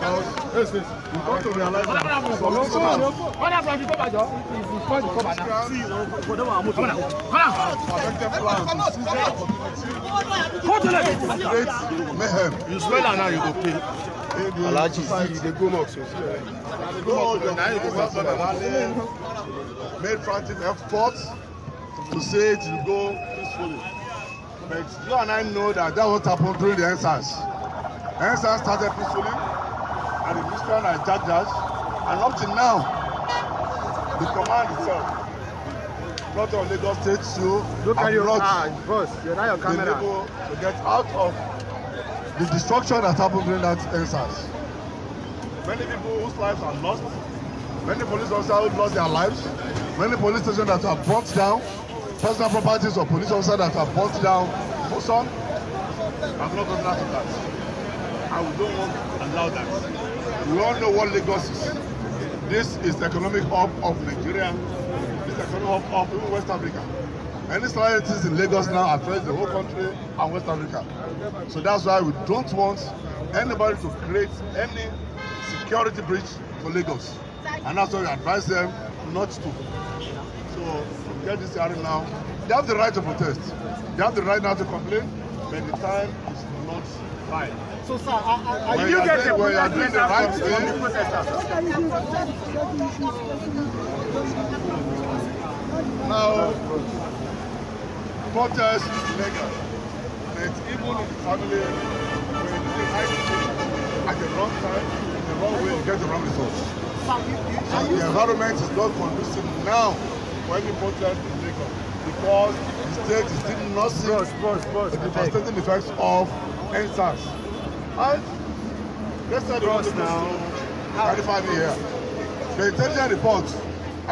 You got to that. You go pay. Alaji, see, they go mocks. Go all you go back to the Made frantic efforts to say it will go peacefully. But you and I know that that what happened during the NSAS. NSAS started peacefully and the Christian and Chargers, and up to now, the command itself, not on Lagos State, so look at your eyes, boss. You're not your camera. to get out of the destruction that happened during that instance. Many people whose lives are lost, many police officers who lost their lives, many police stations that are burnt down, personal properties of police officers that are burnt down. For some, I've not gotten out of that. I don't want to allow that. We all know what Lagos is. This is the economic hub of Nigeria. This is the economic hub of West Africa. Any societies in Lagos now affects the whole country and West Africa. So that's why we don't want anybody to create any security breach for Lagos. And that's why we advise them not to. So get this out now. They have the right to protest. They have the right now to complain, but the time is not right. So, sir, I, I, you get the well, the right thing. Now, protest is legal. even in the family, when do the right thing at the wrong time, in the wrong way, you get the wrong results. the environment is not conducive now for any protest is legal because the state is still not seeing the devastating effects of NSAS. Right? Let's start Cross the now. 35 here. The intelligence report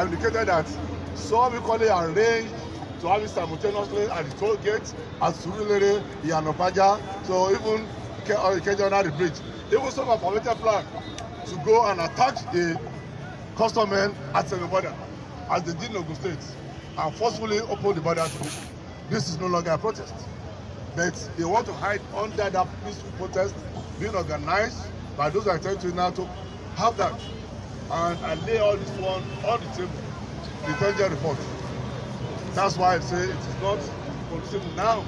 indicated that some equally arranged to have it simultaneously at the toll gate at Surulere, Iyanapaja, so even uh, the Bridge. Even some have permitted plan to go and attack the customers at the border, as they did in Ogun State, and forcefully open the border to This is no longer a protest but they want to hide under that peaceful protest being organized by those that tend to now to have that and I lay all this one on the table, the ten report. That's why I say it is not possible now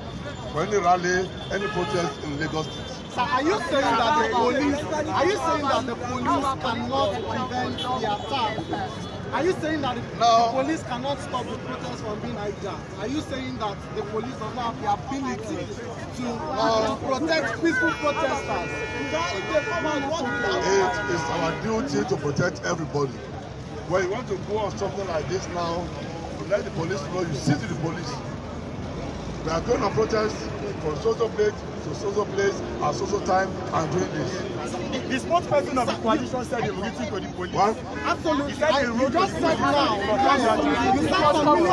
for any rally, any protest in Lagos State. Sir, are you saying that the police, are you saying that the police cannot prevent the attack? Are you saying that the, no. police cannot stop the protest from being like that? Are you saying that the police does not have the ability to uh, no. protect peaceful protesters? It is our duty to protect everybody. When you want to go on something like this now, you let the police know, you see to the police. We are going on protest from social place to social place at social time and doing this. The spokesperson of the coalition said they were written to the police. Absolutely. He just said now. It was confirmed,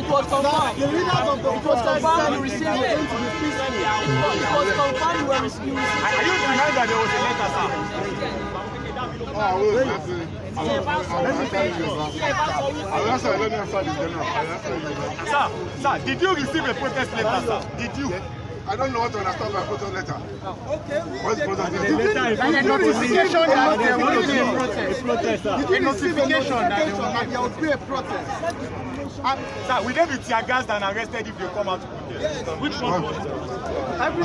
It was confirmed. The leaders of the It were going to received it. It was confirmed you were receiving Are you denying that there was a letter, sir? Oh, I will. I will. I will I will answer. Let me answer the general. sir. Sir, sir, did you receive a protest letter, sir? Did you? I don't know what to understand by protest letter. Okay, What is protest letter? The letter is notification that there will be a protest. protest the notification that there will be a protest. And, sir, will they be tear gassed and arrested if they come out to protest? Yes. Which one? Every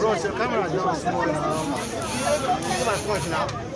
Bro, your camera is not small now. Come on, come now.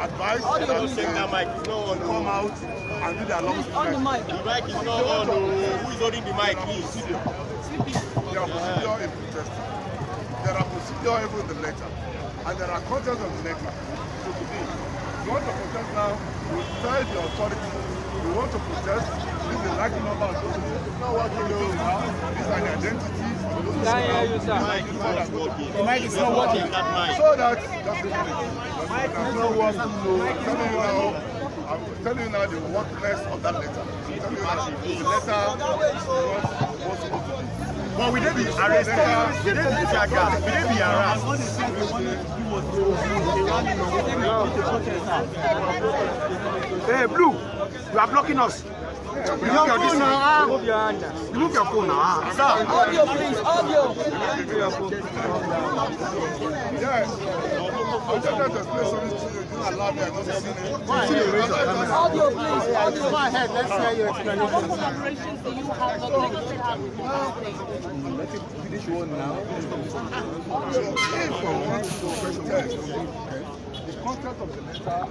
advice and I will saying that mic is not on. Come oh. out and do the long Please, on the mic. The mic is not on. Oh. Who is holding the mic? Please. There are procedures in protesting. There are procedure even in the letter. And there are contents of the letter. So today, you want to protest now, We tell the authorities They want to protest. This is a large number of people. It's not working very well. This is an identity. Can't hear you, sir. Mic is not working. The mic is not working. So that that's is not working. So I'm telling you I'm telling you now the worthless of that letter. I'm telling you now the letter was was supposed to be. But we didn't be arrested, we didn't be attacked, we didn't be harassed. we didn't be do was to run in Hey, eh, Blue, you are blocking us. Your phone now. Remove your hand. Remove your phone now. Sir. Audio, please. Audio. Audio, please. Audio. Go ahead. Let's hear your explanation. What collaborations do you have that Lagos have with Malawi? Let him finish one now. If I want to contract of the matter,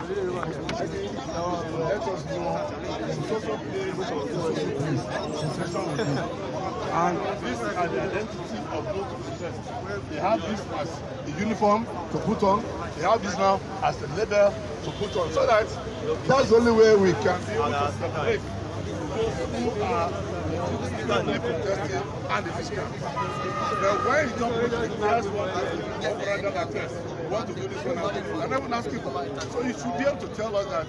let us know social of the And these are the identity of both of They have this as the uniform to put on, they have this now as the label to put on. So that that's the only way we can be able to separate those who are economic, and the fiscal. But when you don't put the first one as the referendum address, you want to do this one as the and I will ask you. So you should be able to tell us that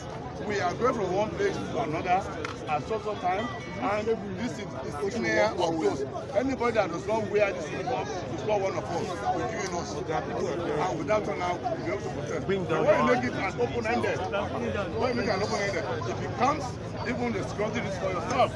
we are going from one place to another at such a time, and this is, is clear or close. Anybody that does not wear this uniform is not one of us. We're giving us. And without turn now we'll be able to protest. Bring down when you make it as open-ended, when you make it an open-ended, it becomes even the security risk for yourself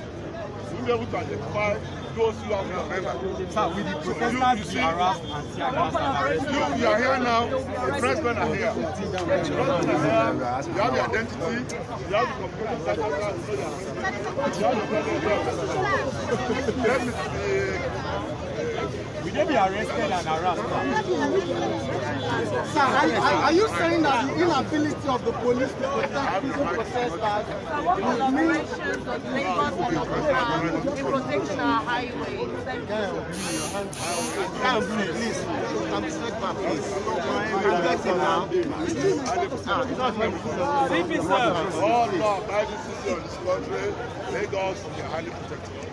to be able to identify those who have been arrested. you, you harassed You, you are here now, the president are here. The president are here, you have your identity, you have the computer, you have the president. Let me see. Will they be arrested and harassed? Sir, are, are, are you saying that the inability of the police to protect peaceful protesters would mean... protecting our highways. Come, please. Come, back, please. I'm getting now. Ah, CP, sir. All law-abiding citizens this country, Lagos, they are highly protected.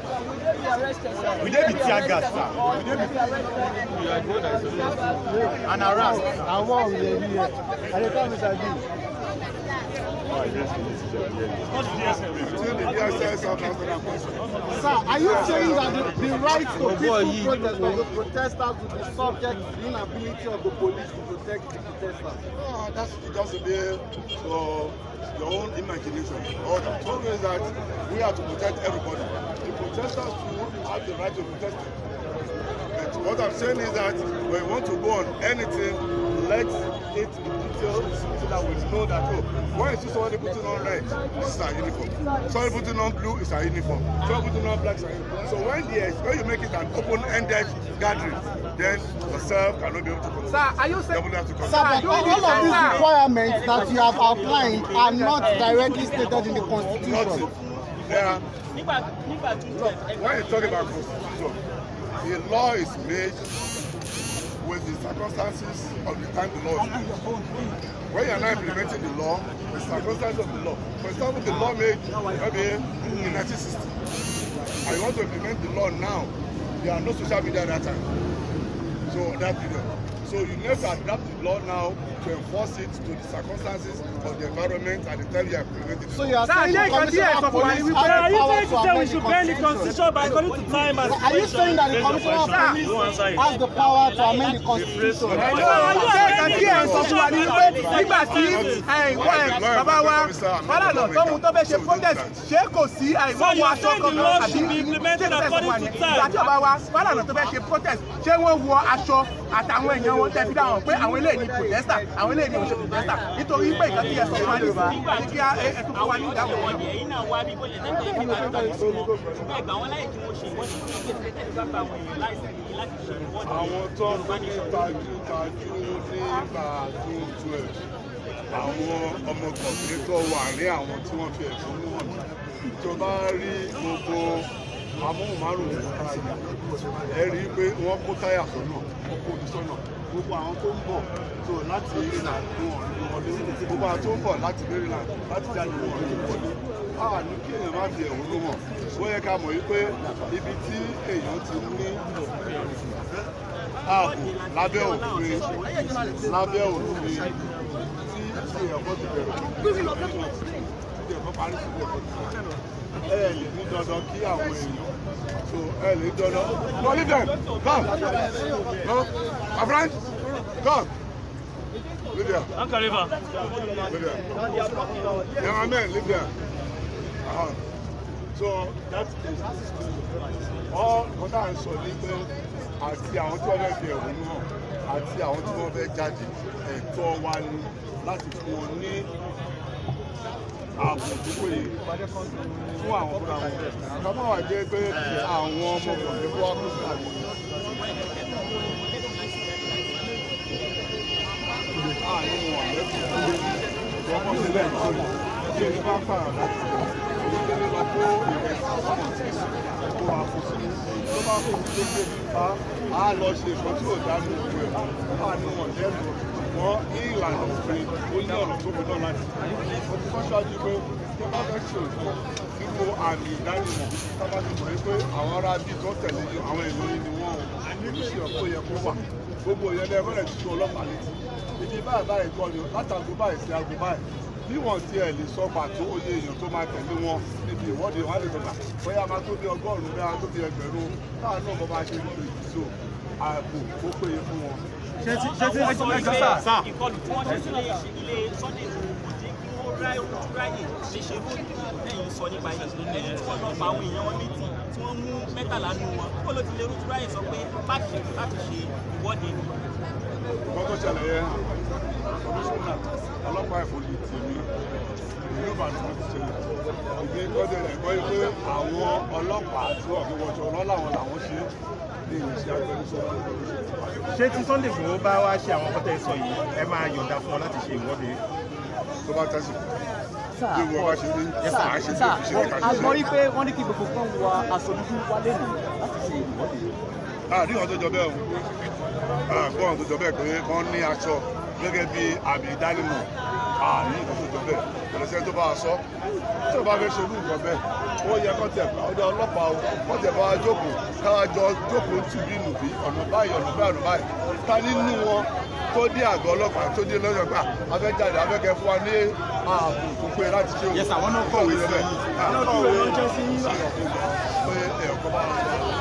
We dey be tear gas, sir. We dey be. We are going And harass. And what we dey do here? I dey tell Mr. D. Sir, are you saying that the, the right to peaceful protest by the protesters will be subject to the inability of the police to protect the protesters? No, that's just there for your own imagination. All the problem is that we have to protect everybody protesters too have the right to protest. But what I'm saying is that when we want to go on anything, let it be detailed so that we know that, oh, why is this somebody putting on red? This is our uniform. Somebody putting on blue is our uniform. Somebody putting on black is our uniform. So when, the, when you make it an open-ended gathering, then yourself cannot be able to control. Sir, are you saying? Sir, but all of these requirements that you have outlined are not directly stated in the Constitution. Nothing when you talk about constitution, the law is made with the circumstances of the time the law is made. When you are not implementing the law, the circumstances of the law. For example, the law made maybe in 1960. I want to implement the law now. There are no social media at that time. So that period. So you need to adapt the law now to enforce it to the circumstances of the environment and the time you are implementing So you are saying that the commission of police have the power to amend the constitution by according to time and Are you saying that the commission of police has the power to amend the constitution? Ṣé kàkí ẹ̀ sọ fún wa ní pé nígbà tí bàbá wa Fálànà tó mú tó fẹ́ ohun tẹ́ fi dá wọn pé àwọn eléyìí ni protester àwọn eléyìí ni òṣèlú protester nítorí pé ìkan tí ẹ sọ wá nígbà ní kí ẹ tún fún wa ní ìdáhùn wọn. ẹ̀yin náà wá bí bó ṣe tẹ́tẹ́ ìfẹ́ bá bá wọn ṣùgbọ́n ìgbà wọn láì kí wọ́n ṣe ìwọ́n ṣe kí wọ́n tẹ́tẹ́ bá wọn èèyàn láì láti àwọn tó ń tó wà ní àwọn tí wọ́n fi ẹ̀sùn mú wọn tó rí gbogbo amóhùnmárùn ní ọ̀tá ìyá ẹ rí i pé wọ́n kó táyà sọ́nà wọ́n kó omi sọ́nà gbogbo àwọn tó ń bọ̀ tó láti ìrìnà ìlú wọlé gbogbo àwọn tó ń bọ̀ láti ìrìnà láti jáde ìlú wọlé a ní kí èèyàn má fi ẹ̀wọ̀n ló mọ̀ wọ́n yẹ ká mọ̀ yí pé ibi tí èèyàn ti ní ààbò lábẹ́ òfin lábẹ́ òfin tí ìṣe ẹ̀kọ́ ti bẹ̀rẹ̀ ìṣe ẹ̀kọ́ parí sí ẹ̀kọ́ ti bẹ̀rẹ̀ so ẹ lè no leave them come no my friend come. Leave there. Uncle River. Leave there. Yeah, my man, leave there. Uh-huh. So that is all what I saw ní pé àti àwọn tí wọ́n fẹ́ fi ẹ̀hónú hàn àti àwọn tí wọ́n fẹ́ jáde ẹ̀tọ́ wa ni láti fún wọn ní ààbò tó péye fún àwọn fúnra wọn kámá wà jẹ́ pé àwọn ọmọ kọ̀ọ̀kan wá kó sí àwọn àárín wọn lẹ́kọ̀ọ́ wọn kọ́ sílẹ̀ ìṣòro tí èyí bá fà láti ìdílé lọ kó ìrẹsì kó wa kó sí tó bá kó sí lókè á lọ ṣe ìkọ́tí òdánù òkú ẹ̀ á ní wọn lẹ́nu wọn wà lọ́sọ̀rọ̀ ó ní ọ̀rọ̀ tó fi náà láti ọkọ̀ ṣáájú pé tó bá fẹ́ ṣe òkú nípò àmì ìdánimọ̀ tábà ti mọ̀ pé àwọn ará bíi tó tẹ̀lé ní àwọn ìlú yìí ni wọ́n ò níbi ṣe ọ̀pọ̀ yẹ kó wà gbogbo ìyẹn lẹ́ẹ̀kọ́ rẹ̀ ti tó ọlọ́pàá létí ibi báyìí báyìí kọ́ ni látàgò báyìí sí aago báyìí bí wọn ti ẹ lè sọ pàtó oye èèyàn tó máa tẹ̀lé wọn níbi ìwọ́de wọn lè gbà bóyá máa tó bí ọgọ́rùn-ún bóyá tó bí ẹgbẹ̀rún táwọn náà bọ́ bá ṣe ń lò ìdíso ààbò ó péye fún wọn ṣe ti ṣe ti ṣe ti sá sá. ìkọlù tí wọ́n ṣe sílé ilé sunday kò jẹ́ kí wọ́n ráyè ráyè ṣe ṣe rú ẹ̀yìn sọ nípa ẹ̀yìn ẹni tí wọ́n lọ pa àwọn èèyàn wọn létí tí wọ́n mú mẹ́tàlá nù wọn kó ló ti lè rú ráyè sọ pé má ṣe láti ṣe ìwọ́de. wọ́n tó ṣẹlẹ̀ yẹn kọmíṣánná ọlọ́pàá ìfòyì tèmi ìlú ìbàdàn ti ṣẹlẹ̀ ìgbẹ́ kọ́dẹ̀rẹ̀ gbọ́ pé àwọn ọlọ́pàá tí wọ́n fi wọṣọ ọlọ́làwọ̀n làwọn ṣe ṣé tí Sunday Igboho bá wá ṣe àwọn kọ́tẹ́ sọ yìí ẹ máa yọ̀ǹda fún ọ láti ṣe ìwọ́de. tó bá tẹ̀sí àgbọ̀ rí pé wọ́n ní kí gbogbo kan wa aṣọ dúdú wálé nù láti ṣe ìwọ́de. àrí wọn tó jọ bẹ́ẹ̀ o àgbọ̀ wọn tó jọ bẹ́ẹ̀ pé wọ́n ní aṣọ gẹ́gẹ́ bí àmì ìdánimọ̀ àní ah, ìdókòtò bẹ́ẹ̀ ìrẹsẹ̀ tó bá a sọ tó bá fẹ́ ṣerú nǹkan bẹ́ẹ̀ ó yẹ kọ́tẹ̀ ọjọ́ ọlọ́pàá o kọ́tẹ̀ bá wa jókòó káwa jọ jókòó tù bí nùbí ọ̀nà báyìí ọ̀nà báyìí ọ̀nà báyìí ta nínú wọn tó dé àgọ́ ọlọ́pàá tó dé lọ́jọ́ gbà afẹ́jáde afẹ́kẹ́ fún wa ní ààbò tó pé láti ṣe òun. yẹsà wọn náà kọ̀wé sí i wọn náà kọ̀wé sí i.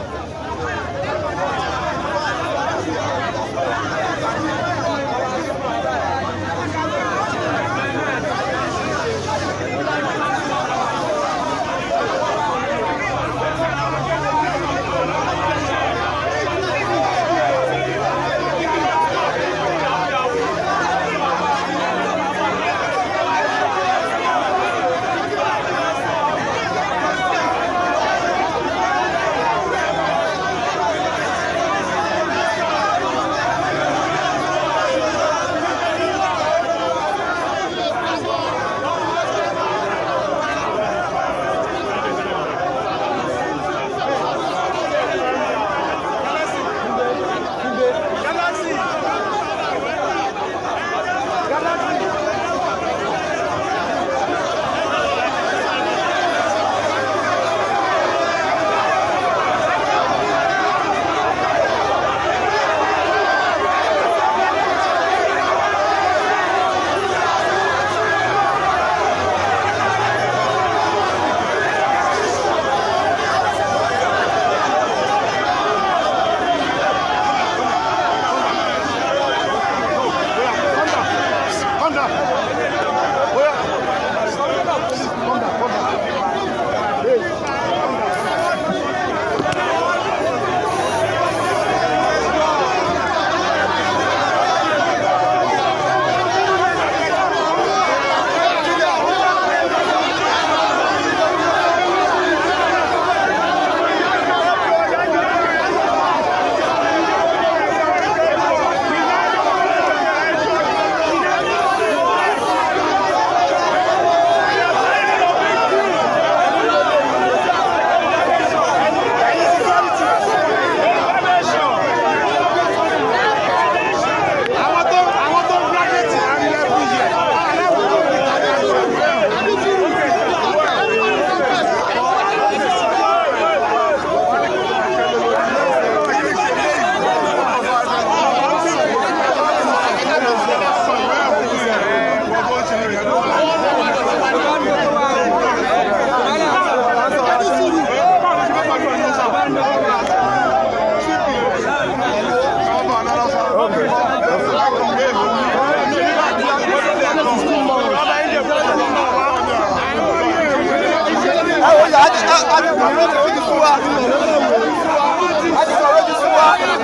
sọ̀rọ̀ jù fún wa. a ti wa.